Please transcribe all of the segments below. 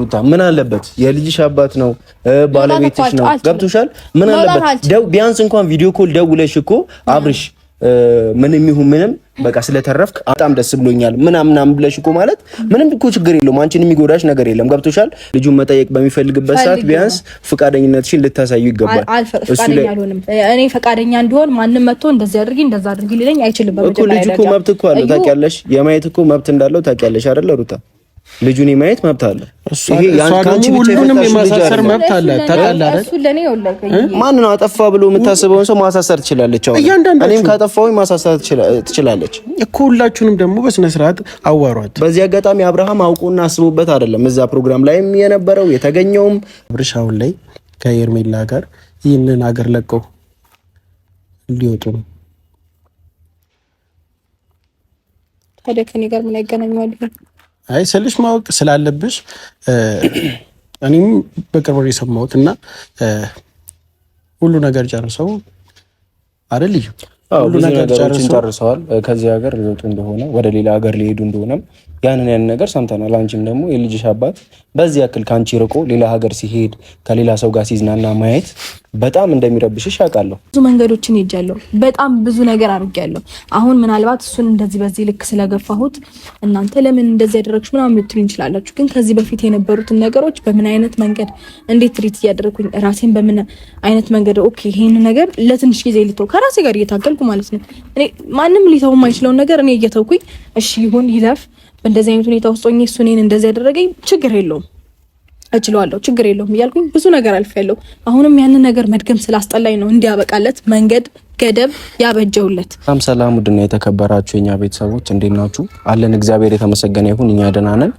ሩታ ምን አለበት? የልጅሽ አባት ነው፣ ባለቤትሽ ነው። ገብቶሻል? ምን አለበት? ደው ቢያንስ እንኳን ቪዲዮ ኮል ደውለሽ እኮ አብርሽ ምንም ይሁን ምንም በቃ ስለተረፍክ በጣም ደስ ብሎኛል ምናምናም ብለሽ እኮ ማለት ምንም እኮ ችግር የለውም። አንቺን የሚጎዳሽ ነገር የለም። ገብቶሻል? ልጁን መጠየቅ በሚፈልግበት ሰዓት ቢያንስ ፈቃደኝነትሽን ልታሳዩ ይገባል። እኔ ፈቃደኛ እንዲሆን ማንም መጥቶ እንደዚህ አድርጊ እንደዛ አድርጊ ሊለኝ አይችልም። ልጁ እኮ መብት እኮ አለው ታውቂያለሽ። የማየት እኮ መብት እንዳለው ታውቂያለሽ አይደለ ሩታ ልጁን የማየት መብት አለ። ሁሉንም የማሳሰር መብት አለ። ማንን አጠፋ ብሎ የምታስበውን ሰው ማሳሰር ትችላለች። እኔም ካጠፋሁኝ ማሳሰር ትችላለች እኮ። ሁላችሁንም ደግሞ በስነስርዓት አዋሯት። በዚህ አጋጣሚ አብርሃም አውቁና አስቡበት አይደለም እዛ ፕሮግራም ላይም የነበረው የተገኘውም ብርሻውን ላይ ከኤርሜላ ጋር ይህንን አገር ለቀው ሊወጡ ነው። ታዲያ ከኔ ጋር ምን ያገናኘዋል? አይ ስልሽ ማወቅ ስላለብሽ እኔም በቅርብ የሰማሁት እና ሁሉ ነገር ጨርሰው አይደል ልዩ ሁሉ ነገሮችን ጨርሰዋል። ከዚህ ሀገር ሊወጡ እንደሆነ ወደ ሌላ ሀገር ሊሄዱ እንደሆነም ያንን ያን ነገር ሰምተናል። አንቺም ደግሞ የልጅሽ አባት በዚህ ያክል ከአንቺ ርቆ ሌላ ሀገር ሲሄድ ከሌላ ሰው ጋር ሲዝናና ማየት በጣም እንደሚረብሽሽ ያውቃለሁ። ብዙ መንገዶችን ሄጃለሁ። በጣም ብዙ ነገር አድርጌያለሁ። አሁን ምናልባት እሱን እንደዚህ በዚህ ልክ ስለገፋሁት እናንተ ለምን እንደዚህ ያደረግሽ ምናምን ልትሉ እንችላላችሁ። ግን ከዚህ በፊት የነበሩትን ነገሮች በምን አይነት መንገድ እንዴት ትሪት እያደረግኩኝ ራሴን በምን አይነት መንገድ ኦኬ፣ ይህን ነገር ለትንሽ ጊዜ ልተው ከራሴ ጋር እየታገልኩ ማለት ነው። እኔ ማንም ሊተው የማይችለውን ነገር እኔ እየተውኩኝ እሺ ይሁን ይለፍ በእንደዚህ አይነት ሁኔታ ውስጥ ሆኜ እሱ እኔን እንደዚህ ያደረገኝ ችግር የለውም እችለዋለሁ ችግር የለውም እያልኩኝ ብዙ ነገር አልፌያለሁ። አሁንም ያንን ነገር መድገም ስላስጠላኝ ነው እንዲያበቃለት መንገድ ገደብ ያበጀውለት። ሰላም ሰላም፣ ውድና የተከበራችሁ የኛ ቤተሰቦች እንዴት ናችሁ? አለን እግዚአብሔር የተመሰገነ ይሁን፣ እኛ ደህና ነን።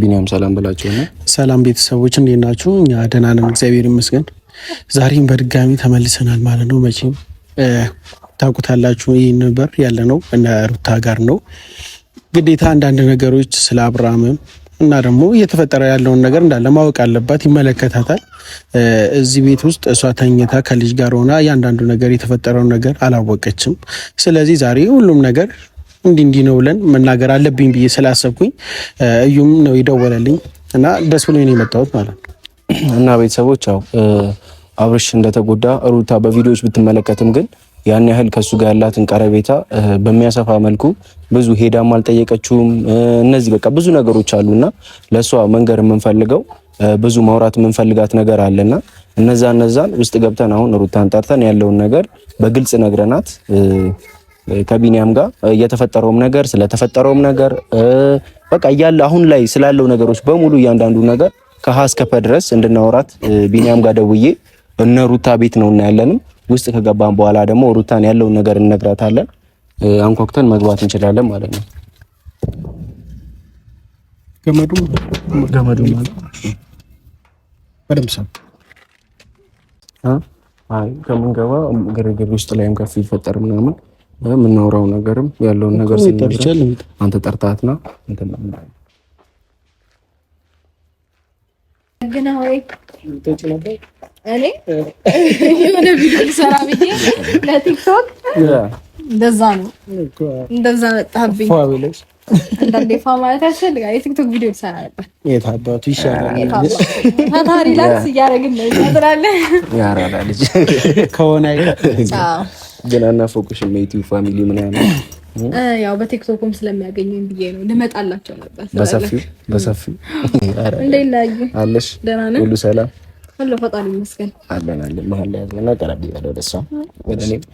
ቢኒያም ሰላም ብላችሁ ነ ሰላም ቤተሰቦች እንዴት ናችሁ? እኛ ደህና ነን፣ እግዚአብሔር ይመስገን። ዛሬም በድጋሚ ተመልሰናል ማለት ነው። መቼም ታውቁታላችሁ፣ ይህ ነበር ያለ ነው እነ ሩታ ጋር ነው ግዴታ አንዳንድ ነገሮች ስለ አብርሃምም እና ደግሞ እየተፈጠረ ያለውን ነገር እንዳለ ማወቅ አለባት፣ ይመለከታታል። እዚህ ቤት ውስጥ እሷ ተኝታ ከልጅ ጋር ሆና እያንዳንዱ ነገር የተፈጠረውን ነገር አላወቀችም። ስለዚህ ዛሬ ሁሉም ነገር እንዲህ እንዲህ ነው ብለን መናገር አለብኝ ብዬ ስላሰብኩኝ እዩም ነው የደወለልኝ እና ደስ ብሎኝ ነው የመጣሁት ማለት ነው እና ቤተሰቦች ያው አብርሽ እንደተጎዳ ሩታ በቪዲዮዎች ብትመለከትም ግን ያን ያህል ከሱ ጋር ያላትን ቀረቤታ በሚያሰፋ መልኩ ብዙ ሄዳም አልጠየቀችውም። እነዚህ በቃ ብዙ ነገሮች አሉና ለእሷ መንገር የምንፈልገው ብዙ ማውራት የምንፈልጋት ነገር አለና እነዛ እነዛን ውስጥ ገብተን አሁን ሩታን ጠርተን ያለውን ነገር በግልጽ ነግረናት ከቢኒያም ጋር እየተፈጠረውም ነገር ስለተፈጠረውም ነገር በቃ እያለ አሁን ላይ ስላለው ነገሮች በሙሉ እያንዳንዱ ነገር ከሀ እስከ ፐ ድረስ እንድናወራት ቢኒያም ጋር ደውዬ እነ ሩታ ቤት ነው እናያለንም። ውስጥ ከገባን በኋላ ደግሞ ሩታን ያለውን ነገር እንነግራታለን። አንኳኩተን መግባት እንችላለን ማለት ነው። ገመዱ ገመዱ ማለት አይ ከምንገባ ግርግር ውስጥ ላይም ከፍ ይፈጠር ምናምን የምናወራው ነገርም ያለውን ነገር ሲነገር አንተ ጠርታት ጠርታትና እንትን ነው እኔ የሆነ ቪዲዮ ልሰራ ብዬ ለቲክቶክ እንደዛ ነው እንደዛ መጣብኝ። አንዳንዴ ፋ ማለት ያስፈልጋል። የቲክቶክ ቪዲዮ ልሰራ ነበር። የታባቱ ይሻላል። እያደረግን ነው ይመስላል። ያራዳ ልጅ ከሆነ ግን ፋሚሊ ምናምን ያው በቲክቶኩም ስለሚያገኘኝ ብዬ ነው ልመጣላቸው ነበር በሰፊው በሰፊው። ነህ አለሽ? ደህና ሁሉ ሰላም አለ ፈጣሪ ይመስገን አለን አለን መሀል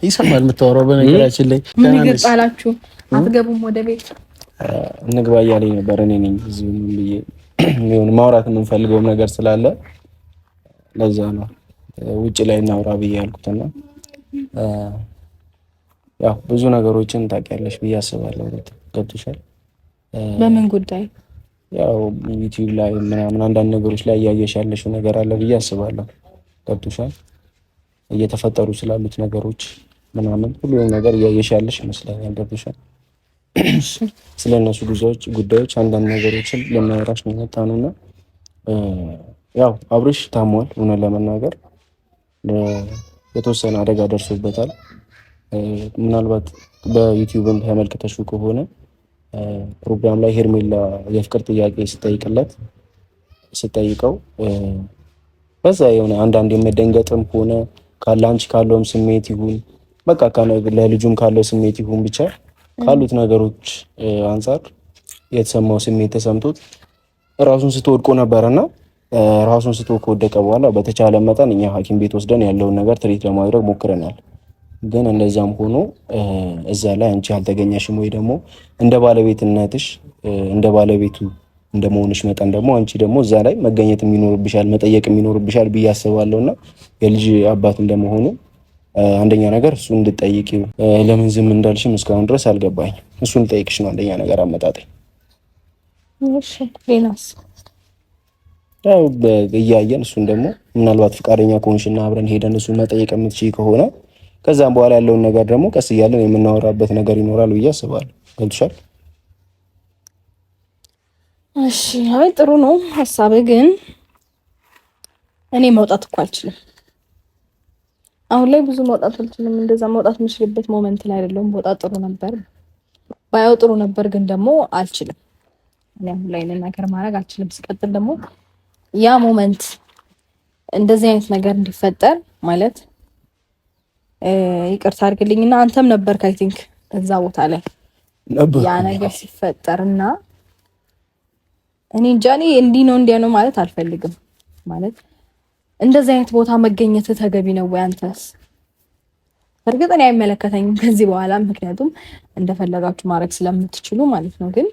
ይሰማል የምታወራው በነገራችን ላይ ምን ይገባላችሁ አትገቡም ወደ ቤት እንግባ እያለኝ ነበር እኔ ነኝ እዚህ ምን ብዬ ይሁን ማውራት የምንፈልገውም ነገር ስላለ ለዛ ነው ውጭ ላይ እናውራ ብዬ ያልኩትና ያው ብዙ ነገሮችን ታውቂያለሽ ብዬ አስባለሁ ገብቶሻል በምን ጉዳይ ያው ዩቲዩብ ላይ ምናምን አንዳንድ ነገሮች ላይ እያየሽ ያለሽው ነገር አለ ብዬ አስባለሁ። ገብቶሻል? እየተፈጠሩ ስላሉት ነገሮች ምናምን ሁሉም ነገር እያየሽ ያለሽ ይመስለኛል። ገብቶሻል? ስለ እነሱ ጉዞዎች፣ ጉዳዮች አንዳንድ ነገሮችን ለማውራሽ ነው የመጣ ነው እና ያው አብርሽ ታሟል። እውነት ለመናገር የተወሰነ አደጋ ደርሶበታል። ምናልባት በዩቲዩብም ተመልክተሽው ከሆነ ፕሮግራም ላይ ሄርሜላ የፍቅር ጥያቄ ስጠይቅለት ስጠይቀው በዛ የሆነ አንዳንድ የመደንገጥም ሆነ ካለ አንቺ ካለውም ስሜት ይሁን በቃ ለልጁም ካለው ስሜት ይሁን ብቻ ካሉት ነገሮች አንጻር የተሰማው ስሜት ተሰምቶት ራሱን ስትወድቆ ነበረና ራሱን ስቶ ከወደቀ በኋላ በተቻለ መጠን እኛ ሐኪም ቤት ወስደን ያለውን ነገር ትሪት ለማድረግ ሞክረናል። ግን እንደዛም ሆኖ እዛ ላይ አንቺ አልተገኘሽም ወይ ደግሞ እንደ ባለቤትነትሽ እንደ ባለቤቱ እንደመሆንሽ መጠን ደግሞ አንቺ ደግሞ እዛ ላይ መገኘት የሚኖርብሻል መጠየቅ የሚኖርብሻል ብዬ አስባለሁ። እና የልጅ አባት እንደመሆኑ አንደኛ ነገር እሱ እንድጠይቅ ለምን ዝም እንዳልሽም እስካሁን ድረስ አልገባኝ። እሱ እንድጠይቅሽ ነው አንደኛ ነገር አመጣጠኝ። ያው እያየን እሱን ደግሞ ምናልባት ፈቃደኛ ከሆንሽና አብረን ሄደን እሱ መጠየቅ የምትችይ ከሆነ ከዛም በኋላ ያለውን ነገር ደግሞ ቀስ እያለን የምናወራበት ነገር ይኖራል ብዬ አስባለሁ። ገብቶሻል? እሺ። አይ ጥሩ ነው ሀሳብ፣ ግን እኔ መውጣት እኮ አልችልም። አሁን ላይ ብዙ መውጣት አልችልም። እንደዛ መውጣት የምችልበት ሞመንት ላይ አይደለሁም። ወጣ ጥሩ ነበር ባየው ጥሩ ነበር፣ ግን ደግሞ አልችልም። እኔ አሁን ላይ ነገር ማድረግ አልችልም። ሲቀጥል ደግሞ ያ ሞመንት እንደዚህ አይነት ነገር እንዲፈጠር ማለት ይቅርታ አድርግልኝና አንተም ነበርክ አይ ቲንክ እዛ ቦታ ላይ ያ ነገር እና እኔ እንጃ እኔ እንዲህ ነው እንዲያ ነው ማለት አልፈልግም። ማለት እንደዚህ አይነት ቦታ መገኘት ተገቢ ነው ወይ? አንተስ? እርግጥ እኔ አይመለከተኝም ከዚህ በኋላ ምክንያቱም እንደፈለጋችሁ ማድረግ ስለምትችሉ ማለት ነው። ግን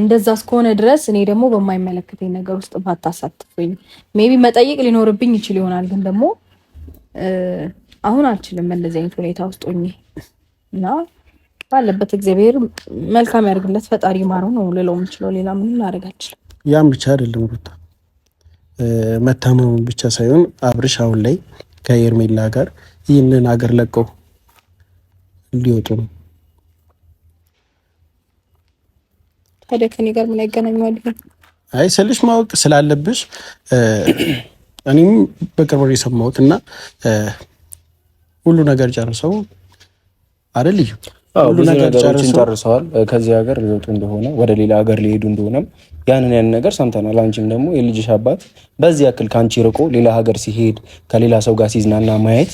እንደዛ እስከሆነ ድረስ እኔ ደግሞ በማይመለከተኝ ነገር ውስጥ ባታሳትፉኝ ሜቢ መጠየቅ ሊኖርብኝ ይችል ይሆናል ግን ደግሞ አሁን አልችልም እንደዚህ አይነት ሁኔታ ውስጥ ሆኜ እና ባለበት እግዚአብሔር መልካም ያደርግለት ፈጣሪ ማረው ነው ልለው የምችለው። ሌላ ምን ላደርግ አልችልም። ያም ብቻ አይደለም ሩታ፣ መታመሙ ብቻ ሳይሆን አብርሽ አሁን ላይ ከኤርሜላ ጋር ይህንን ሀገር ለቀው ሊወጡ ነው። ታዲያ ከኔ ጋር ምን ያገናኘዋል? አይ ስልሽ ማወቅ ስላለብሽ እኔም በቅርብ ነው የሰማሁት እና ሁሉ ነገር ጨርሰው አይደል? ሁሉ ነገር ጨርሰዋል። ከዚህ ሀገር ሊወጡ እንደሆነ ወደ ሌላ ሀገር ሊሄዱ እንደሆነም ያንን ያን ነገር ሰምተናል። አንቺም ደግሞ የልጅሽ አባት በዚህ ያክል ከአንቺ ርቆ ሌላ ሀገር ሲሄድ ከሌላ ሰው ጋር ሲዝናና ማየት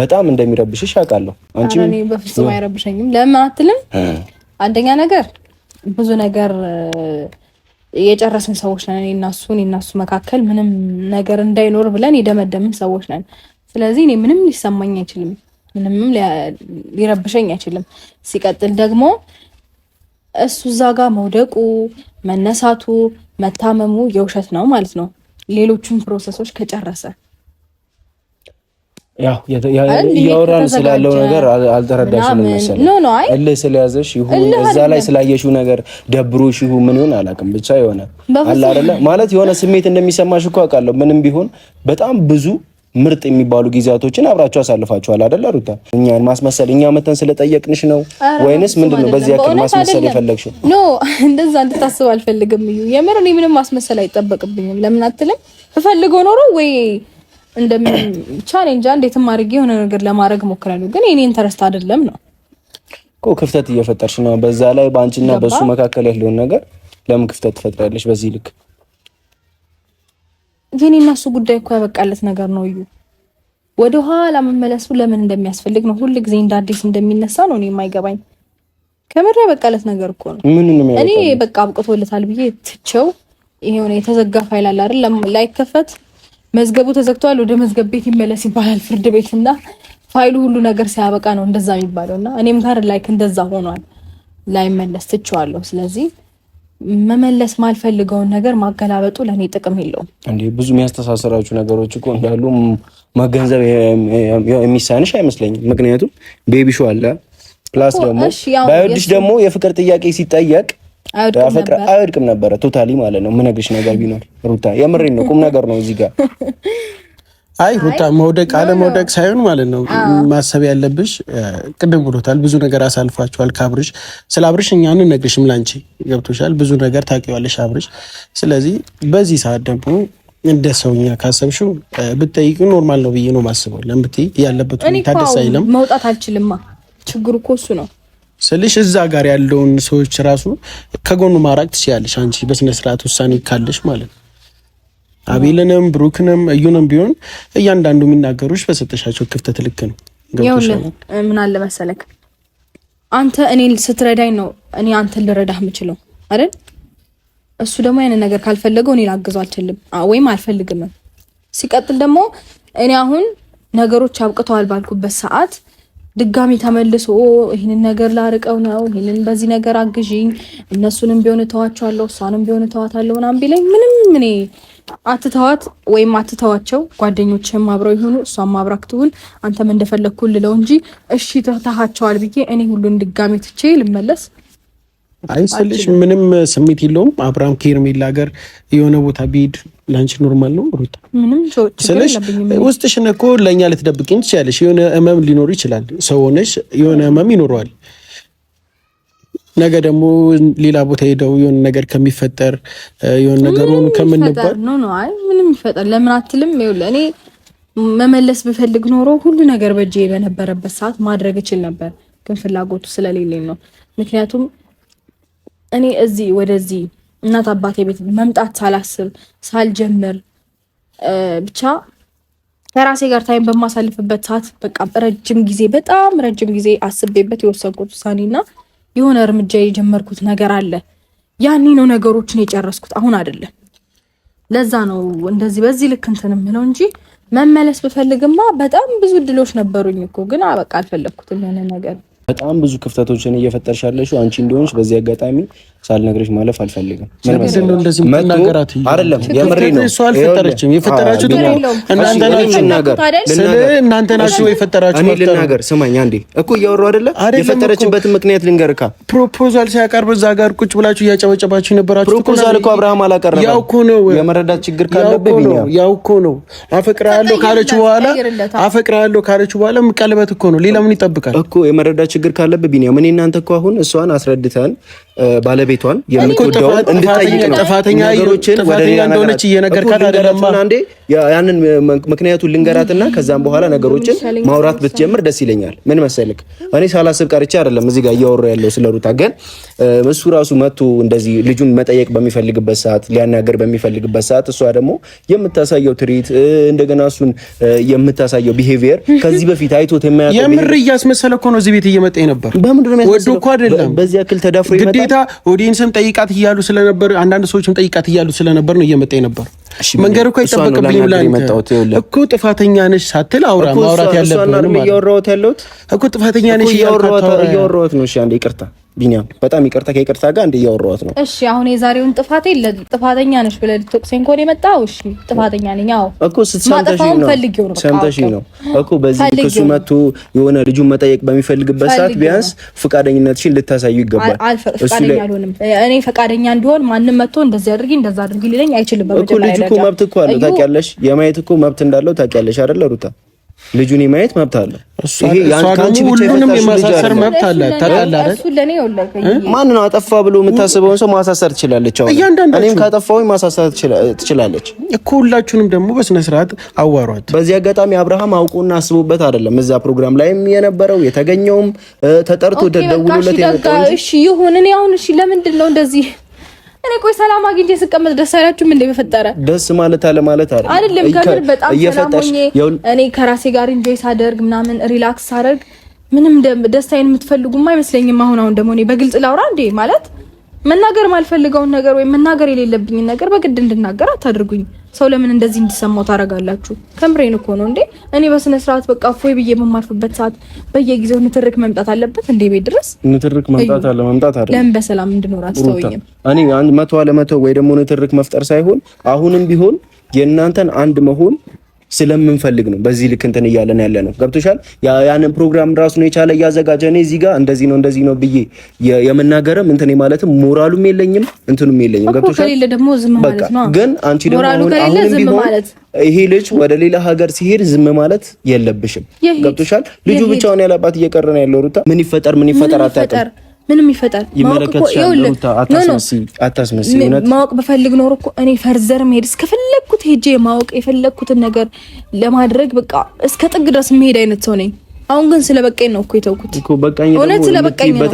በጣም እንደሚረብሽሽ አውቃለሁ። አንቺም በፍጹም አይረብሸኝም። ለምን አትልም? አንደኛ ነገር ብዙ ነገር የጨረስን ሰዎች ነን። እናሱ እናሱ መካከል ምንም ነገር እንዳይኖር ብለን የደመደምን ሰዎች ነን። ስለዚህ እኔ ምንም ሊሰማኝ አይችልም፣ ምንም ሊረብሸኝ አይችልም። ሲቀጥል ደግሞ እሱ እዛ ጋር መውደቁ፣ መነሳቱ፣ መታመሙ የውሸት ነው ማለት ነው ሌሎቹን ፕሮሰሶች ከጨረሰ ያው እያወራን ስላለው ነገር አልተረዳሽንም መሰለኝ። እልህ ስለያዘሽ ይሁን እዛ ላይ ስላየሽው ነገር ደብሮሽ ይሁን ምን ይሁን አላውቅም፣ ብቻ የሆነ አለ አይደለ ማለት የሆነ ስሜት እንደሚሰማሽ እኮ አውቃለሁ። ምንም ቢሆን በጣም ብዙ ምርጥ የሚባሉ ጊዜያቶችን አብራችሁ አሳልፋችኋል አይደለ ሩታ? እኛን ማስመሰል እኛ መተን ስለጠየቅንሽ ነው ወይንስ ምንድን ነው በዚህ ያክል ማስመሰል የፈለግሽው? ኖ እንደዛ እንድታስብ አልፈልግም። የምር እኔ ምንም ማስመሰል አይጠበቅብኝም። ለምን አትልም? እፈልገው ኖሮ ወይ እንደምን ቻሌንጅ እንዴትም አድርጌ የሆነ ነገር ለማድረግ እሞክራለሁ፣ ግን የኔ ኢንተረስት አይደለም ነው እኮ። ክፍተት እየፈጠርሽ ነው። በዛ ላይ በአንቺና በሱ መካከል ያለውን ነገር ለምን ክፍተት ትፈጥራለሽ? በዚህ ልክ የኔ እና እሱ ጉዳይ እኮ ያበቃለት ነገር ነው። እዩ ወደ ኋላ መመለሱ ለምን እንደሚያስፈልግ ነው ሁል ጊዜ እንደ አዲስ እንደሚነሳ ነው እኔ የማይገባኝ። ከምር ያበቃለት ነገር እኮ ነው። እኔ በቃ አብቅቶለታል ብዬ ትቼው ይሄ የተዘጋ ፋይል አለ አይደል ላይከፈት መዝገቡ ተዘግቷል፣ ወደ መዝገብ ቤት ይመለስ ይባላል ፍርድ ቤት እና ፋይሉ ሁሉ ነገር ሲያበቃ ነው እንደዛ የሚባለው እና እኔም ጋር ላይክ እንደዛ ሆኗል። ላይመለስ ትችዋለሁ። ስለዚህ መመለስ ማልፈልገውን ነገር ማገላበጡ ለእኔ ጥቅም የለውም። እንደ ብዙ የሚያስተሳሰራችሁ ነገሮች እኮ እንዳሉ መገንዘብ የሚሳንሽ አይመስለኝም። ምክንያቱም ቤቢሹ አለ ፕላስ ደግሞ ባይወድሽ ደግሞ የፍቅር ጥያቄ ሲጠየቅ አይወድቅም ነበረ ቶታሊ ማለት ነው። ምነግርሽ ነገር ቢኖር ሩታ የምሬን ነው፣ ቁም ነገር ነው እዚህ ጋር አይ ሩታ መውደቅ አለ መውደቅ ሳይሆን ማለት ነው ማሰብ ያለብሽ ቅድም ብሎታል። ብዙ ነገር አሳልፏቸዋል ከአብርሽ ስለ አብርሽ እኛ አንነግርሽም፣ ላንቺ ገብቶሻል። ብዙ ነገር ታውቂዋለሽ አብርሽ። ስለዚህ በዚህ ሰዓት ደግሞ እንደ ሰውኛ ካሰብሽው ብትጠይቂ ኖርማል ነው ብዬ ነው ማስበው። ለምብት ያለበት ሁኔታ ደስ አይልም። መውጣት አልችልማ ችግሩ እኮ እሱ ነው። ስልሽ እዛ ጋር ያለውን ሰዎች ራሱ ከጎኑ ማራቅ ትችያለሽ አንቺ በስነ ስርዓት ውሳኔ ካለሽ ማለት ነው። አቤልንም ብሩክንም እዩንም ቢሆን እያንዳንዱ የሚናገሩሽ በሰጠሻቸው ክፍተት ልክ ነው። ምን አለ መሰለክ አንተ እኔን ስትረዳኝ ነው እኔ አንተን ልረዳህ የምችለው አይደል? እሱ ደግሞ ያንን ነገር ካልፈለገው እኔ ላግዘው አልችልም ወይም አልፈልግም። ሲቀጥል ደግሞ እኔ አሁን ነገሮች አብቅተዋል ባልኩበት ሰዓት ድጋሚ ተመልሶ ይህንን ነገር ላርቀው ነው ይህንን በዚህ ነገር አግዥኝ፣ እነሱንም ቢሆን እተዋቸዋለሁ፣ እሷንም ቢሆን እተዋታለሁ ምናምን ቢለኝ ምንም እኔ አትተዋት ወይም አትተዋቸው፣ ጓደኞችህም አብረው ይሆኑ እሷም አብራክ ትሁን፣ አንተም እንደፈለግኩ ልለው እንጂ እሺ ተታሃቸዋል ብዬ እኔ ሁሉን ድጋሚ ትቼ ልመለስ አይስልሽ። ምንም ስሜት የለውም አብርሃም ከሄርሜላ ሀገር የሆነ ቦታ ቢሄድ ለአንቺ ኖርማል ነው ሩታ ስለሽ ውስጥሽን እኮ ለእኛ ልትደብቅኝ ትችያለሽ። የሆነ ህመም ሊኖር ይችላል። ሰው ሆነሽ የሆነ ህመም ይኖረዋል። ነገ ደግሞ ሌላ ቦታ ሄደው የሆነ ነገር ከሚፈጠር የሆነ ነገር ሆኑ ከምንባል ምንም ይፈጠር ለምን አትልም? ይኸውልህ እኔ መመለስ ብፈልግ ኖሮ ሁሉ ነገር በእጄ በነበረበት ሰዓት ማድረግ እችል ነበር፣ ግን ፍላጎቱ ስለሌለኝ ነው። ምክንያቱም እኔ እዚህ ወደዚህ እናት አባቴ ቤት መምጣት ሳላስብ ሳልጀምር ብቻ ከራሴ ጋር ታይም በማሳልፍበት ሰዓት በቃ ረጅም ጊዜ በጣም ረጅም ጊዜ አስቤበት የወሰንኩት ውሳኔና የሆነ እርምጃ የጀመርኩት ነገር አለ። ያኔ ነው ነገሮችን የጨረስኩት፣ አሁን አይደለም። ለዛ ነው እንደዚህ በዚህ ልክ እንትን የምለው እንጂ መመለስ ብፈልግማ በጣም ብዙ እድሎች ነበሩኝ እኮ ግን በቃ አልፈለግኩትም የሆነ ነገር በጣም ብዙ ክፍተቶችን እየፈጠርሽ ያለሽ አንቺ እንደሆንሽ በዚህ አጋጣሚ ሳልነግርሽ ማለፍ አልፈልግም። አይደለም የምሬ ነው። እሱ አልፈጠረችም። የፈጠራችሁት እናንተ ናችሁ የፈጠራችሁት። እኔ ልናገር፣ ስማኝ አንዴ እኮ እያወሩ አይደለ። የፈጠረችበትን ምክንያት ልንገርካ። ፕሮፖዛል ሲያቀርብ እዛ ጋር ቁጭ ብላችሁ እያጨበጨባችሁ የነበራችሁ ፕሮፖዛል እኮ አብርሃም አላቀረበም። ያው እኮ ነው የመረዳት ችግር ካለብህ ነው። ያው እኮ ነው አፈቅርሃለሁ ካለች በኋላ አፈቅርሃለሁ ካለች በኋላ ቀለበት እኮ ነው። ሌላ ምን ይጠብቃል እኮ የመረዳት ችግር ካለብህ ቢኒያም፣ እኔ እናንተ እኮ አሁን እሷን አስረድተን ባለቤቷን የምትወደውን እንድጠይቅ ነው። ጥፋተኛ እንደሆነች እየነገርካት አይደለም አንዴ። ያንን ምክንያቱን ልንገራትና ከዛም በኋላ ነገሮችን ማውራት ብትጀምር ደስ ይለኛል። ምን መሰልክ፣ እኔ ሳላስብ ቀርቼ አደለም እዚህ ጋር እያወራ ያለው ስለ ሩታ። ግን እሱ ራሱ መጥቶ እንደዚህ ልጁን መጠየቅ በሚፈልግበት ሰዓት፣ ሊያናገር በሚፈልግበት ሰዓት እሷ ደግሞ የምታሳየው ትርኢት እንደገና እሱን የምታሳየው ቢሄቪየር ከዚህ በፊት አይቶት የማያውቀው የምር እያስመሰለ እኮ ነው እዚህ ቤት እየመጣ ነበር። በምንድን ነው ወዶ እኮ አይደለም በዚህ ያክል ተዳፍሮ ግዴታ ሁኔታ ኦዲንስም ጠይቃት እያሉ ስለነበር አንዳንድ ሰዎችም ጠይቃት እያሉ ስለነበር ነው እየመጣ የነበር መንገድ እኮ አይጠበቅብኝ ብላ እኮ ጥፋተኛ ነሽ ሳትል አውራ ማውራት ያለብህ እያወራሁት ያለሁት እኮ ጥፋተኛ ነሽ እያወራሁት ነው። እሺ አንዴ ይቅርታ ቢኒያም፣ በጣም ይቅርታ። ከይቅርታ ጋር አንዴ እያወራሁት ነው። እሺ አሁን የዛሬውን ጥፋቴ ጥፋተኛ ነሽ ብለህ ልትወቅሰኝ ከሆነ የመጣው እሺ ጥፋተኛ ነኝ። አዎ እኮ ስትሰምተሽኝ ነው ሰምተሽኝ ነው እኮ በዚህ ክሱ መቶ የሆነ ልጁን መጠየቅ በሚፈልግበት ሰዓት ቢያንስ ፈቃደኝነትሽን ልታሳዩ ይገባል። ፈቃደኛ አልሆንም እኔ ፈቃደኛ እንዲሆን ማንም መጥቶ እንደዚህ አድርጊ እንደዛ አድርጊ ሊለኝ አይችልም። በመጀመሪያ እኮ መብት እኮ አለው ታውቂያለሽ። የማየት እኮ መብት እንዳለው ታውቂያለሽ አይደለ ሩታ? ልጁን የማየት መብት አለ። ይሄ ሁሉንም የማሳሰር መብት አለ። አይደል? ማን ነው አጠፋ ብሎ የምታስበውን ሰው ማሳሰር ትችላለች። እኔም ካጠፋሁኝ ማሳሰር ትችላለች እኮ። ሁላችሁንም ደግሞ በስነ ስርዓት አዋሯት። በዚህ አጋጣሚ አብርሃም አውቆና አስቦበት አይደለም እዛ ፕሮግራም ላይም የነበረው የተገኘውም ተጠርቶ ተደውሎለት የመጣው። እሺ ይሁን። እኔ አሁን እሺ፣ ለምንድን ነው እንደዚህ እኔ ቆይ ሰላም አግኝቼ ስቀመጥ ደስ አይላችሁም እንዴ? በፈጠረ ደስ ማለት አለ ማለት አለ አይደለም። ከምር በጣም ሰላም ሆኜ እኔ ከራሴ ጋር እንጆይ ሳደርግ ምናምን ሪላክስ ሳደርግ ምንም ደስታዬን የምትፈልጉም አይመስለኝም። አሁን አሁን ደግሞ እኔ በግልጽ ላውራ እንዴ ማለት መናገር ማልፈልገውን ነገር ወይም መናገር የሌለብኝን ነገር በግድ እንድናገር አታድርጉኝ። ሰው ለምን እንደዚህ እንዲሰማው ታደርጋላችሁ? ከምሬን እኮ ነው እንዴ። እኔ በስነ ስርዓት በቃ ፎይ ብዬ በማርፍበት ሰዓት በየጊዜው ንትርክ መምጣት አለበት እንዴ? ቤት ድረስ ንትርክ መምጣት አለ መምጣት አለ። ለምን በሰላም እንድኖር አትተውኝም? እኔ አንድ መቶ አለመቶ ወይ ደግሞ ንትርክ መፍጠር ሳይሆን አሁንም ቢሆን የእናንተን አንድ መሆን ስለምንፈልግ ነው በዚህ ልክ እንትን እያለን ያለ ነው። ገብቶሻል? ያንን ፕሮግራም ራሱ ነው የቻለ እያዘጋጀ እኔ እዚህ ጋር እንደዚህ ነው እንደዚህ ነው ብዬ የመናገርም እንትን ማለትም ሞራሉም የለኝም እንትኑም የለኝም። ገብቶሻል? በቃ ግን አንቺ ደግሞ አሁንም ቢሆን ይሄ ልጅ ወደ ሌላ ሀገር ሲሄድ ዝም ማለት የለብሽም። ገብቶሻል? ልጁ ብቻውን ያላባት እየቀረ ነው ያለው። ሩታ ምን ይፈጠር ምን ይፈጠር አታውቅም ምንም ይፈጣል። ማወቅ በፈልግ ኖሮ እኮ እኔ ፈርዘር መሄድ እስከፈለግኩት ሄጄ ማወቅ የፈለግኩትን ነገር ለማድረግ በቃ እስከ ጥግ ድረስ መሄድ አይነት ሰው ነኝ። አሁን ግን ስለበቀኝ ነው እኮ የተውኩት። እውነት ስለ በቃኝ ነው።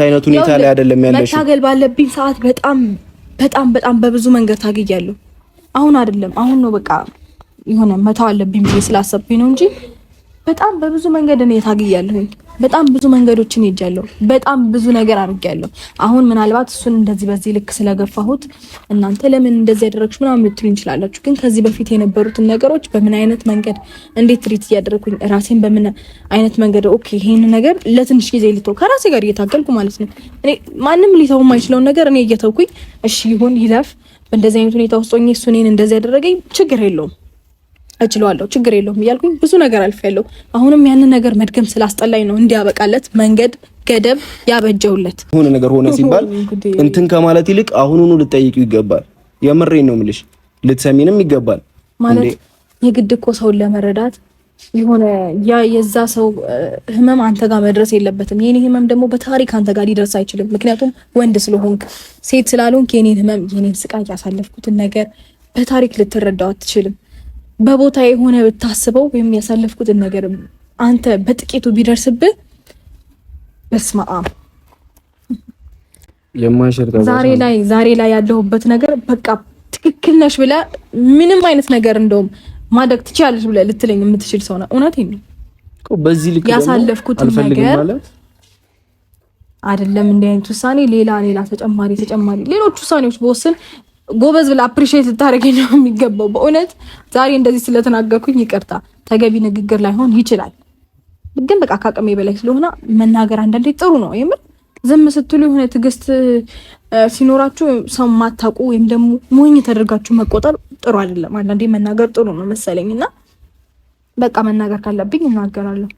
መታገል ባለብኝ ሰዓት በጣም በጣም በጣም በብዙ መንገድ ታግያለሁ። አሁን አይደለም አሁን ነው በቃ የሆነ መተው አለብኝ ብዬ ስላሰብኩኝ ነው እንጂ በጣም በብዙ መንገድ እኔ ታግያለሁኝ። በጣም ብዙ መንገዶችን ሄጃለሁ። በጣም ብዙ ነገር አድርጌያለሁ። አሁን ምናልባት እሱን እንደዚህ በዚህ ልክ ስለገፋሁት እናንተ ለምን እንደዚህ ያደረግሽ ምናምን ልትሉ እንችላላችሁ። ግን ከዚህ በፊት የነበሩትን ነገሮች በምን አይነት መንገድ እንዴት ትሪት እያደረግኩኝ ራሴን በምን አይነት መንገድ ኦኬ፣ ይሄን ነገር ለትንሽ ጊዜ ልተው ከራሴ ጋር እየታገልኩ ማለት ነው። እኔ ማንም ሊተው የማይችለውን ነገር እኔ እየተውኩኝ እሺ፣ ይሁን ይለፍ፣ በእንደዚህ አይነት ሁኔታ ውስጥ ሆኜ እሱ እኔን እንደዚህ ያደረገኝ ችግር የለውም እችለዋለሁ ችግር የለውም እያልኩኝ ብዙ ነገር አልፌያለሁ። አሁንም ያንን ነገር መድገም ስላስጠላኝ ነው እንዲያበቃለት መንገድ ገደብ ያበጀውለት ሆነ ነገር ሆነ ሲባል እንትን ከማለት ይልቅ አሁኑኑ ልጠይቁ ይገባል። የምሬን ነው የምልሽ፣ ልትሰሚንም ይገባል። ማለት የግድ እኮ ሰውን ለመረዳት የሆነ ያ የዛ ሰው ህመም አንተ ጋር መድረስ የለበትም። የኔ ህመም ደግሞ በታሪክ አንተ ጋር ሊደርስ አይችልም። ምክንያቱም ወንድ ስለሆንክ፣ ሴት ስላልሆንክ የኔን ህመም የኔን ስቃይ ያሳለፍኩትን ነገር በታሪክ ልትረዳው አትችልም። በቦታ የሆነ ብታስበው ወይም ያሳለፍኩትን ነገር አንተ በጥቂቱ ቢደርስብህ በስመ ዛሬ ላይ ዛሬ ላይ ያለሁበት ነገር በቃ ትክክል ነሽ ብለ ምንም አይነት ነገር እንደውም ማደግ ትችላለች ብለ ልትለኝ የምትችል ሰው ነው። እውነቴን ነው። በዚህ ልክ ያሳለፍኩትን ነገር አይደለም እንዲህ አይነት ውሳኔ ሌላ ሌላ ተጨማሪ ተጨማሪ ሌሎች ውሳኔዎች በወስን ጎበዝ ብላ አፕሪሺየት ልታደርገኝ ነው የሚገባው። በእውነት ዛሬ እንደዚህ ስለተናገርኩኝ ይቅርታ። ተገቢ ንግግር ላይሆን ይችላል፣ ግን በቃ ካቅሜ በላይ ስለሆነ መናገር አንዳንዴ ጥሩ ነው። የምር ዝም ስትሉ የሆነ ትዕግስት ሲኖራችሁ ሰው ማታውቁ ወይም ደግሞ ሞኝ ተደርጋችሁ መቆጠር ጥሩ አይደለም። አንዳንዴ መናገር ጥሩ ነው መሰለኝ እና በቃ መናገር ካለብኝ እናገራለሁ።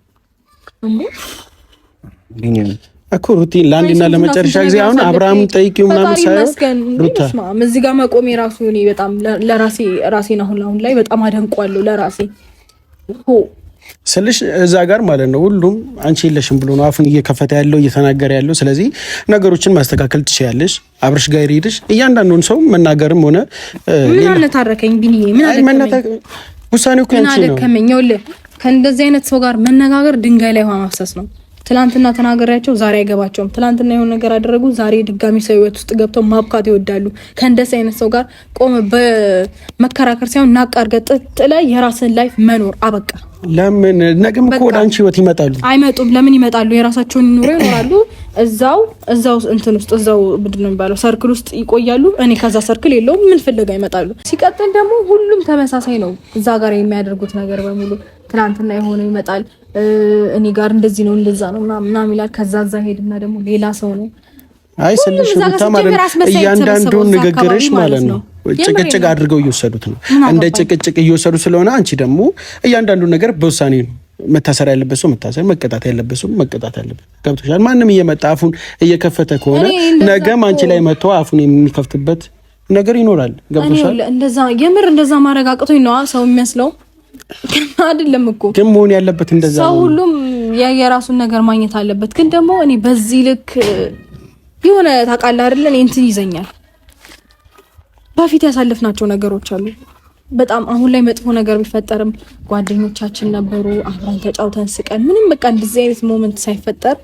እኮ ሩቲን ለአንድና ለመጨረሻ ጊዜ አሁን አብርሃም ጠይቂው ምናምን ሳይሆን ሩታ እዚህ ጋር መቆሜ ራሱ እኔ በጣም ለራሴ ራሴን አሁን አሁን ላይ በጣም አደንቋለሁ። ለራሴ ስልሽ እዛ ጋር ማለት ነው ሁሉም አንቺ የለሽም ብሎ ነው አፉን እየከፈተ ያለው እየተናገረ ያለው። ስለዚህ ነገሮችን ማስተካከል ትችያለሽ። አብርሽ ጋር ሄድሽ እያንዳንዱን ሰው መናገርም ሆነ ምን አለ ታረከኝ ቢኒ ምን አለከመኝ ውሳኔው ከንቺ ነው። ከእንደዚህ አይነት ሰው ጋር መነጋገር ድንጋይ ላይ ውሃ ማፍሰስ ነው። ትላንትና ተናገሪያቸው ዛሬ አይገባቸውም። ትላንትና የሆነ ነገር አደረጉ፣ ዛሬ ድጋሚ ሰው ህይወት ውስጥ ገብተው ማብካት ይወዳሉ። ከእንደስ አይነት ሰው ጋር ቆመ በመከራከር ሳይሆን ናቃርገ አድርገህ ጥለ የራስን ላይፍ መኖር አበቃ። ለምን ነገም እኮ ወደ አንቺ ህይወት ይመጣሉ? አይመጡም። ለምን ይመጣሉ? የራሳቸውን ኑሮ ይኖራሉ። እዛው እዛው እንትን ውስጥ እዛው ምንድን ነው የሚባለው ሰርክል ውስጥ ይቆያሉ። እኔ ከዛ ሰርክል የለውም ምን ፍለጋ ይመጣሉ? ሲቀጥል ደግሞ ሁሉም ተመሳሳይ ነው። እዛ ጋር የሚያደርጉት ነገር በሙሉ ትናንትና የሆነው ይመጣል እኔ ጋር እንደዚህ ነው እንደዛ ነው ምናምን ይላል። ከዛ እዛ ሄድና ደግሞ ሌላ ሰው ነው። አይ ስልሽ ሩታ ማለት ነው እያንዳንዱን ንግግርሽ ማለት ነው ጭቅጭቅ አድርገው እየወሰዱት ነው እንደ ጭቅጭቅ እየወሰዱ ስለሆነ አንቺ ደግሞ እያንዳንዱ ነገር በውሳኔ ነው መታሰር ያለበት ሰው መታሰር፣ መቀጣት ያለበት ሰው መቀጣት ያለበት። ገብቶሻል? ማንም እየመጣ አፉን እየከፈተ ከሆነ ነገም አንቺ ላይ መጥቶ አፉን የሚከፍትበት ነገር ይኖራል። ገብቶሻል? እንደዛ የምር እንደዛ ማረጋግጦኝ ነዋ ሰው የሚመስለው አይደለም እኮ ግን መሆን ያለበት እንደዛ ነው። ሰው ሁሉም የየራሱን ነገር ማግኘት አለበት። ግን ደግሞ እኔ በዚህ ልክ የሆነ ታውቃለህ አይደለ እኔ እንትን ይዘኛል። በፊት ያሳለፍናቸው ነገሮች አሉ በጣም አሁን ላይ መጥፎ ነገር ቢፈጠርም ጓደኞቻችን ነበሩ፣ አብረን ተጫውተን ስቀን ምንም በቃ እንደዚህ አይነት ሞመንት ሳይፈጠር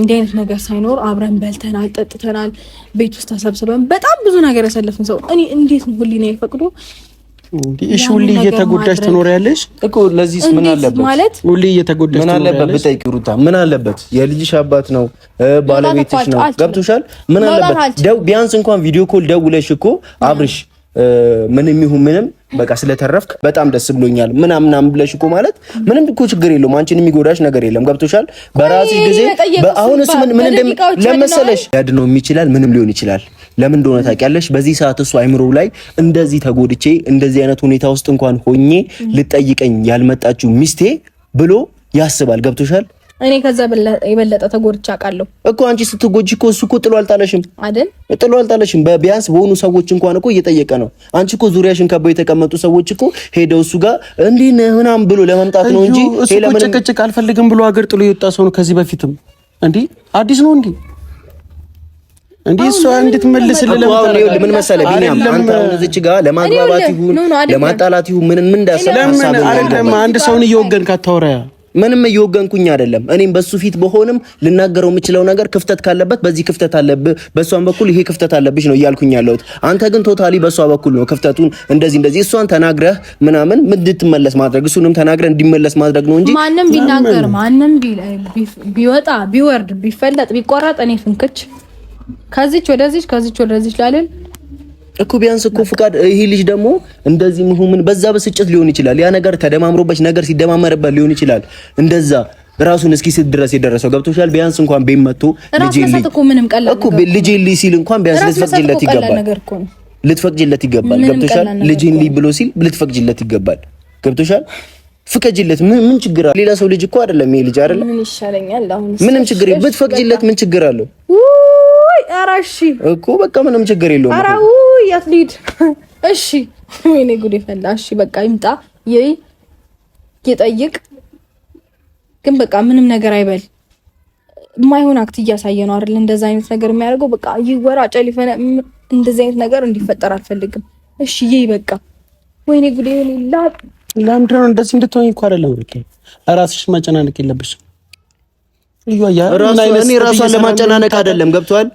እንዲህ አይነት ነገር ሳይኖር አብረን በልተናል፣ ጠጥተናል፣ ቤት ውስጥ ተሰብስበን በጣም ብዙ ነገር ያሳለፍን ሰው እኔ እንዴት ነው ይፈቅዱ እሺ ሁሌ እየተጎዳሽ ትኖሪያለሽ እኮ። ለዚህስ ምን አለበት ሁሌ እየተጎዳሽ ምን አለበት ብጠይቂ፣ ሩታ ምን አለበት? የልጅሽ አባት ነው፣ ባለቤትሽ ነው። ገብቶሻል? ምን አለበት? ደው ቢያንስ እንኳን ቪዲዮ ኮል ደውለሽ እኮ አብርሽ ምንም ይሁን ምንም በቃ ስለተረፍክ በጣም ደስ ብሎኛል ምናምን ምናምን ብለሽ እኮ ማለት ምንም እኮ ችግር የለውም። አንቺን የሚጎዳሽ ነገር የለም። ገብቶሻል? በራስሽ ጊዜ አሁንስ ምን ምን ለመሰለሽ ያድነውም ይችላል ምንም ሊሆን ይችላል ለምን እንደሆነ ታውቂያለሽ? በዚህ ሰዓት እሱ አይምሮ ላይ እንደዚህ ተጎድቼ እንደዚህ አይነት ሁኔታ ውስጥ እንኳን ሆኜ ልጠይቀኝ ያልመጣችው ሚስቴ ብሎ ያስባል። ገብቶሻል? እኔ ከዛ የበለጠ ተጎድቼ አውቃለሁ እኮ። አንቺ ስትጎጂ እኮ እሱ እኮ ጥሎ አልጣለሽም አይደል? ጥሎ አልጣለሽም። በቢያንስ በሆኑ ሰዎች እንኳን እኮ እየጠየቀ ነው። አንቺ እኮ ዙሪያሽን ከበው የተቀመጡ ሰዎች እኮ ሄደው እሱ ጋር እንዲህ ምናምን ብሎ ለመምጣት ነው እንጂ ጭቅጭቅ አልፈልግም ብሎ አገር ጥሎ የወጣ ሰው ነው። ከዚህ በፊትም እንዲህ አዲስ ነው እንዲህ እንዲህ እሷ እንድትመልስልህ ምን መሰለህ ቢኒያም፣ አንተ አሁን እዚች ጋር ለማግባባት ይሁን ለማጣላት ይሁን ምን ምን እንዳሰብ አይደለም። አንድ ሰውን እየወገንክ አታውራ። ምንም እየወገንኩኝ አይደለም። እኔም በሱ ፊት በሆንም ልናገረው የምችለው ነገር ክፍተት ካለበት በዚህ ክፍተት አለብህ፣ በእሷን በኩል ይሄ ክፍተት አለብሽ ነው እያልኩኝ ያለሁት። አንተ ግን ቶታሊ በእሷ በኩል ነው ክፍተቱን እንደዚህ እንደዚህ እሷን ተናግረህ ምናምን እንድትመለስ ማድረግ እሱንም ተናግረህ እንዲመለስ ማድረግ ነው እንጂ ማንም ቢናገር ማንም ቢወጣ ቢወርድ ቢፈለጥ ቢቆረጥ እኔ ፍንክች ከዚች ወደዚች ከዚች ወደዚች ላልል እኮ ቢያንስ እኮ ፍቃድ ይሄ ልጅ ደግሞ እንደዚህ ምሁምን በዛ በስጭት ሊሆን ይችላል። ያ ነገር ተደማምሮበት ነገር ሲደማመርበት ሊሆን ይችላል። እንደዛ ራሱን እስኪ ስት ድረስ የደረሰው ገብቶሻል። ቢያንስ እንኳን ቤት መጥቶ ልጄ ልጅ እኮ ምንም ቀላል እኮ ልጄ ልጅ ሲል እንኳን ቢያንስ ልትፈቅጂለት ይገባል። ልትፈቅጂለት ይገባል። ገብቶሻል። ልጄ ልጅ ብሎ ሲል ልትፈቅጂለት ይገባል። ገብቶሻል። ፍቀጅለት ምን ምን ችግር አለ? ሌላ ሰው ልጅ እኮ አይደለም ይሄ ልጅ አይደለም። ምን ይሻለኛል? ምንም ችግር ብትፈቅጂለት ምን ችግር አለው? ኧረ እሺ እኮ በቃ ምንም ችግር የለውም። ኧረ ውይ የት ልሂድ? እሺ ወይኔ ጉድ ፈላ። እሺ በቃ ይምጣ ይይ ይጠይቅ፣ ግን በቃ ምንም ነገር አይበል። የማይሆን አክት እያሳየ ነው አይደል? እንደዛ አይነት ነገር የሚያደርገው በቃ ይወራ ጨሊፈነ። እንደዚህ አይነት ነገር እንዲፈጠር አልፈልግም። እሺ ይይ በቃ ወይኔ ጉዴ። ላ ለምንድን ነው እንደዚህ እንድትሆኝ እኮ አይደለም። ራስሽ መጨናነቅ የለብሽም እኔ ራሷን ለማጨናነቅ አይደለም። ገብቷል።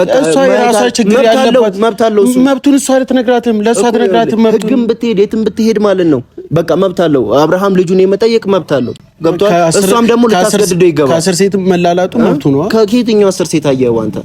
በቃ እሷ የራሷ ችግር ያለባት መብት አለው። መብቱን እሷ አትነግራትም፣ ለእሷ አትነግራትም። ህግም ብትሄድ የትም ብትሄድ ማለት ነው በቃ መብት አለው። አብርሃም ልጁን የመጠየቅ መብት አለው። ገብቷል። እሷም ደግሞ ልታስገድደው ይገባል። ከአስር ሴት መላላጡ መብቱ ነው። ከየትኛው አስር ሴት አየኸው አንተ?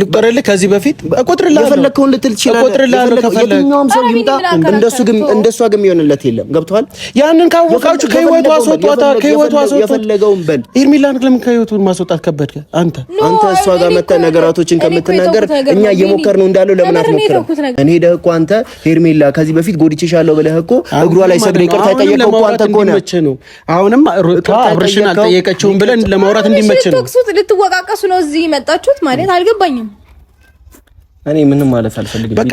ልቆረልህ ከዚህ በፊት እቆጥርልሃለሁ። የፈለግከውን ልትል ትችላለህ። የትኛውም ሰው ይምጣ፣ እንደሱ ግን እንደሷ ግን የሚሆንለት የለም። ገብቷል። ያንን ካወቃችሁ ከህይወቱ አስወጧታ፣ ከህይወቱ አስወጧት። የፈለገውን በል። ኤርሚላን ለምን ከህይወቱ ማስወጣት ከበድከ? አንተ አንተ እሷ ጋር መተህ ነገራቶችን ከምትናገር እኛ እየሞከር ነው እንዳለው ለምን አትሞክርም? እኔ ሄደህ እኮ አንተ ሄርሜላ ከዚህ በፊት ጎድቼሻለሁ ብለህ እኮ እግሯ ላይ ሰግደ ይቅርታ የጠየቀው እኮ አንተ እኮ አሁንም አብርሽን አልጠየቀችውም ብለን ለማውራት እንዲመች ነው። ልትወቃቀሱ ነው እዚህ መጣችሁት ማለት አልገባኝም። እኔ ምንም ማለት አልፈልግም። በቃ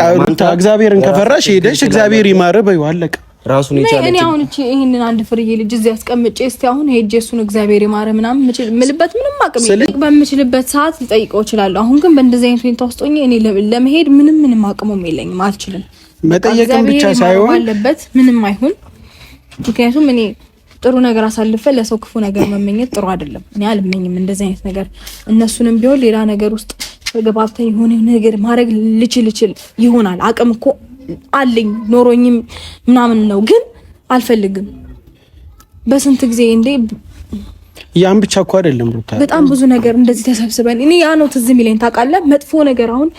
እግዚአብሔርን ከፈራሽ ሄደሽ እግዚአብሔር ይማር በይው አለቀ። ራሱን የቻለ እኔ አሁን እቺ ይሄንን አንድ ፍርዬ ልጅ እዚህ አስቀምጬ እስቲ አሁን ሄጄ እሱን እግዚአብሔር ይማረ ምናምን ምልበት ምንም አቅም የለኝም። በምችልበት ሰዓት ልጠይቀው እችላለሁ። አሁን ግን በእንደዚህ አይነት ሁኔታ ውስጥ ሆኜ እኔ ለመሄድ ምንም ምንም አቅሙም የለኝም፣ አልችልም። መጠየቅም ብቻ ሳይሆን ባለበት ምንም አይሁን ምክንያቱም እኔ ጥሩ ነገር አሳልፈ ለሰው ክፉ ነገር መመኘት ጥሩ አይደለም። እኔ አልመኝም እንደዚህ አይነት ነገር። እነሱንም ቢሆን ሌላ ነገር ውስጥ ተገባብተ የሆነ ነገር ማድረግ ልችል ልችል ይሆናል። አቅም እኮ አለኝ ኖሮኝም ምናምን ነው፣ ግን አልፈልግም። በስንት ጊዜ እንዴ! ያን ብቻ እኮ አይደለም፣ በጣም ብዙ ነገር እንደዚህ ተሰብስበን እኔ ያ ነው ትዝ የሚለኝ ታውቃለህ፣ መጥፎ ነገር አሁን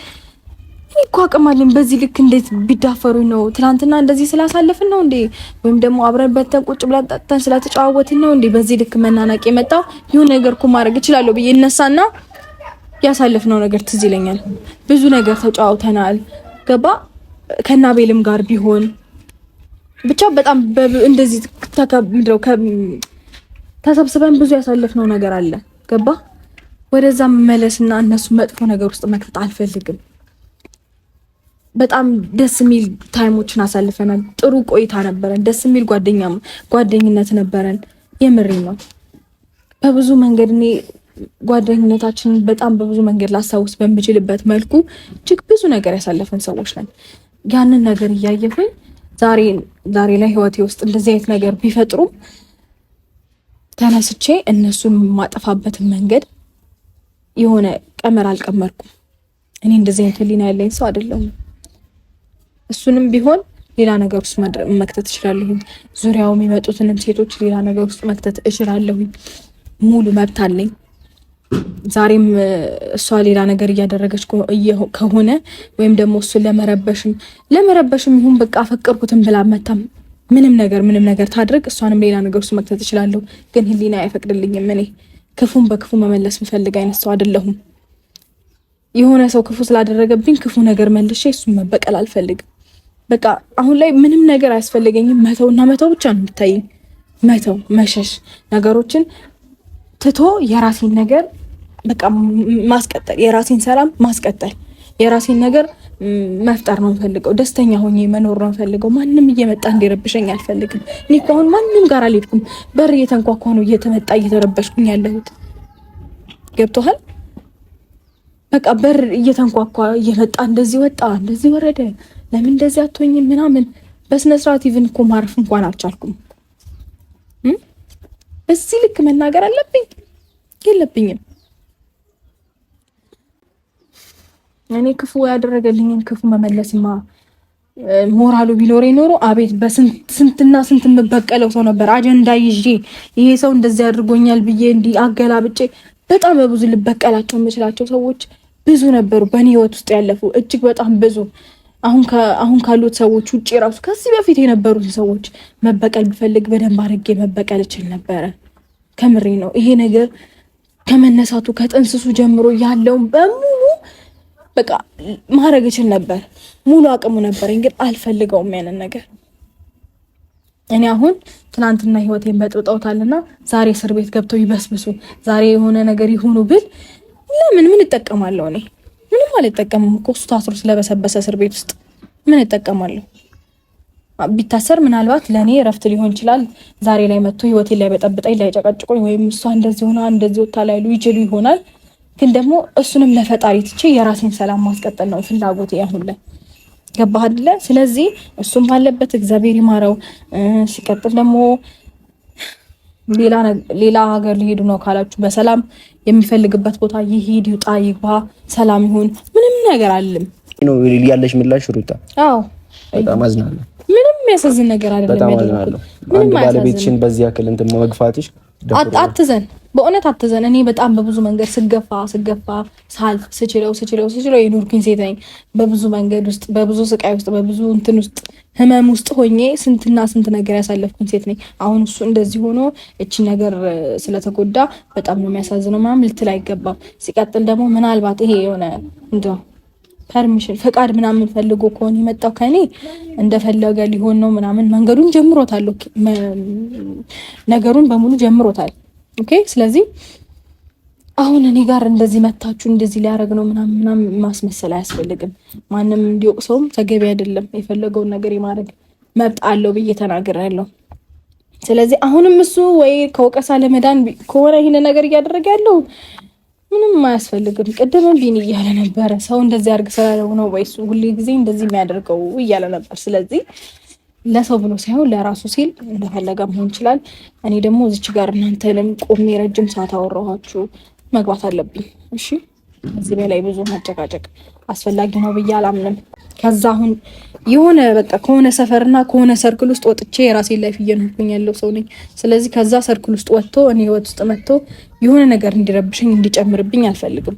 እኔ እኮ አቅም አለኝ። በዚህ ልክ እንዴት ቢዳፈሩኝ ነው? ትናንትና እንደዚህ ስላሳለፍን ነው እንዴ? ወይም ደግሞ አብረን በተን ቁጭ ብለን ጠጥተን ስለተጨዋወትን ነው እንዴ? በዚህ ልክ መናናቅ የመጣው ይሁን ነገር እኮ ማድረግ እችላለሁ ብዬ እነሳና ያሳለፍነው ነገር ትዝ ይለኛል። ብዙ ነገር ተጫውተናል። ገባ ከናቤልም ጋር ቢሆን ብቻ በጣም እንደዚህ ተከምድረው ተሰብስበን ብዙ ያሳለፍነው ነገር አለ። ገባ ወደዛ መመለስና እነሱ መጥፎ ነገር ውስጥ መክተት አልፈልግም። በጣም ደስ የሚል ታይሞችን አሳልፈናል። ጥሩ ቆይታ ነበረን። ደስ የሚል ጓደኝነት ነበረን። የምሬ ነው። በብዙ መንገድ እኔ ጓደኝነታችን በጣም በብዙ መንገድ ላስታውስ በምችልበት መልኩ እጅግ ብዙ ነገር ያሳለፈን ሰዎች ነን። ያንን ነገር እያየሁኝ ዛሬ ዛሬ ላይ ህይወቴ ውስጥ እንደዚህ አይነት ነገር ቢፈጥሩም ተነስቼ እነሱን የማጠፋበትን መንገድ የሆነ ቀመር አልቀመርኩም። እኔ እንደዚህ አይነት ህሊና ያለኝ ሰው አይደለሁም። እሱንም ቢሆን ሌላ ነገር ውስጥ መክተት እችላለሁኝ። ዙሪያው የሚመጡትንም ሴቶች ሌላ ነገር ውስጥ መክተት እችላለሁኝ። ሙሉ መብት አለኝ። ዛሬም እሷ ሌላ ነገር እያደረገች ከሆነ ወይም ደግሞ እሱ ለመረበሽም ለመረበሽም ይሁን በቃ አፈቀርኩትን ብላ መታም ምንም ነገር ምንም ነገር ታድርግ፣ እሷንም ሌላ ነገር ውስጥ መክተት እችላለሁ። ግን ህሊና አይፈቅድልኝም። እኔ ክፉን በክፉ መመለስ ምፈልግ አይነት ሰው አይደለሁም። የሆነ ሰው ክፉ ስላደረገብኝ ክፉ ነገር መልሼ እሱን መበቀል አልፈልግም። በቃ አሁን ላይ ምንም ነገር አያስፈልገኝም። መተው እና መተው ብቻ ነው የምታየኝ። መተው፣ መሸሽ፣ ነገሮችን ትቶ የራሴን ነገር በቃ ማስቀጠል፣ የራሴን ሰላም ማስቀጠል፣ የራሴን ነገር መፍጠር ነው የምፈልገው። ደስተኛ ሆኜ መኖር ነው የምፈልገው። ማንም እየመጣ እንዲረብሸኝ አልፈልግም። እኔ እኮ አሁን ማንም ጋር አልሄድኩም። በር እየተንኳኳ ነው እየተመጣ እየተረበሽኩኝ ያለሁት። ገብቶሃል? በቃ በር እየተንኳኳ እየመጣ እንደዚህ ወጣ እንደዚህ ወረደ ለምን እንደዚህ አትሆኝም ምናምን በስነ ስርዓት ኢቭን እኮ ማረፍ እንኳን አልቻልኩም። በዚህ ልክ መናገር አለብኝ የለብኝም። እኔ ክፉ ያደረገልኝን ክፉ መመለስማ ሞራሉ ቢኖሬ ኖሮ አቤት በስንትና ስንት የምበቀለው ሰው ነበር። አጀንዳ ይዤ ይሄ ሰው እንደዚህ አድርጎኛል ብዬ እንዲህ አገላብጬ በጣም በብዙ ልበቀላቸው የምችላቸው ሰዎች ብዙ ነበሩ በእኔ ህይወት ውስጥ ያለፉ እጅግ በጣም ብዙ አሁን ካሉት ሰዎች ውጭ ራሱ ከዚህ በፊት የነበሩትን ሰዎች መበቀል ቢፈልግ በደንብ አድርጌ መበቀል እችል ነበረ። ከምሬ ነው። ይሄ ነገር ከመነሳቱ ከጥንስሱ ጀምሮ ያለውን በሙሉ በቃ ማድረግ እችል ነበር። ሙሉ አቅሙ ነበረኝ፣ ግን አልፈልገውም ያንን ነገር። እኔ አሁን ትናንትና ህይወቴን በጥብጠውታልና ዛሬ እስር ቤት ገብተው ይበስብሱ፣ ዛሬ የሆነ ነገር ይሁኑ ብል ለምን ምን እጠቀማለሁ እኔ? ምንም አልጠቀምም እኮ እሱ ታስሮ ስለበሰበሰ እስር ቤት ውስጥ ምን እጠቀማለሁ? ቢታሰር ምናልባት ለእኔ እረፍት ሊሆን ይችላል። ዛሬ ላይ መጥቶ ህይወቴ ላይ በጠብጠኝ ላይ ጨቀጭቆኝ ወይም እሷ እንደዚህ ሆና እንደዚህ ወታ ላይሉ ይችሉ ይሆናል። ግን ደግሞ እሱንም ለፈጣሪ ትቼ የራሴን ሰላም ማስቀጠል ነው ፍላጎቴ አሁን ላይ ገባህ አይደለ? ስለዚህ እሱም ባለበት እግዚአብሔር ይማረው። ሲቀጥል ደግሞ ሌላ ሀገር ሊሄዱ ነው ካላችሁ በሰላም የሚፈልግበት ቦታ ይሄድ፣ ይውጣ፣ ይግባ፣ ሰላም ይሁን። ምንም ነገር አለም ያለሽ ምላሽ ሩታ፣ አዎ በጣም አዝናለሁ። ምንም የሚያሳዝን ነገር አይደለም። ባለቤትሽን በዚህ ያክል እንትን መግፋትሽ አትዘን በእውነት አትዘን። እኔ በጣም በብዙ መንገድ ስገፋ ስገፋ ሳልፍ ስችለው ስችለው ስችለው የኖርኩኝ ሴት ነኝ። በብዙ መንገድ ውስጥ በብዙ ስቃይ ውስጥ በብዙ እንትን ውስጥ ህመም ውስጥ ሆኜ ስንትና ስንት ነገር ያሳለፍኩኝ ሴት ነኝ። አሁን እሱ እንደዚህ ሆኖ እቺ ነገር ስለተጎዳ በጣም ነው የሚያሳዝነው ምናምን ልትል አይገባም። ሲቀጥል ደግሞ ምናልባት ይሄ የሆነ እንደው ፐርሚሽን ፈቃድ ምናምን ፈልጎ ከሆነ የመጣው ከኔ እንደፈለገ ሊሆን ነው ምናምን መንገዱን ጀምሮታል፣ ነገሩን በሙሉ ጀምሮታል። ኦኬ። ስለዚህ አሁን እኔ ጋር እንደዚህ መታችሁ እንደዚህ ሊያደርግ ነው ምናምን ምናምን ማስመሰል አያስፈልግም። ማንም እንዲወቅሰውም ተገቢ አይደለም። የፈለገውን ነገር የማድረግ መብት አለው ብዬ ተናግሬያለሁ። ስለዚህ አሁንም እሱ ወይ ከወቀሳ ለመዳን ከሆነ ይህን ነገር እያደረገ ያለው ምንም አያስፈልግም። ቅድምም ቢን እያለ ነበረ ሰው እንደዚህ አድርግ ስላለው ነው ወይ ሁሌ ጊዜ እንደዚህ የሚያደርገው እያለ ነበር። ስለዚህ ለሰው ብሎ ሳይሆን ለራሱ ሲል እንደፈለገ መሆን ይችላል። እኔ ደግሞ እዚች ጋር እናንተንም ቆሜ ረጅም ሰዓት አወራኋችሁ፣ መግባት አለብኝ። እሺ፣ እዚህ በላይ ብዙ መጨቃጨቅ አስፈላጊ ነው ብዬ አላምንም። ከዛ አሁን የሆነ በቃ ከሆነ ሰፈርና ከሆነ ሰርክል ውስጥ ወጥቼ የራሴን ላይፍ እየኖርኩኝ ያለው ሰው ነኝ። ስለዚህ ከዛ ሰርክል ውስጥ ወጥቶ እኔ ህይወት ውስጥ መጥቶ የሆነ ነገር እንዲረብሽኝ እንዲጨምርብኝ አልፈልግም።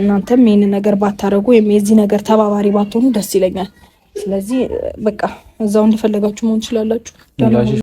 እናንተም ይህን ነገር ባታደረጉ ወይም የዚህ ነገር ተባባሪ ባትሆኑ ደስ ይለኛል። ስለዚህ በቃ እዛው እንደፈለጋችሁ መሆን ትችላላችሁ።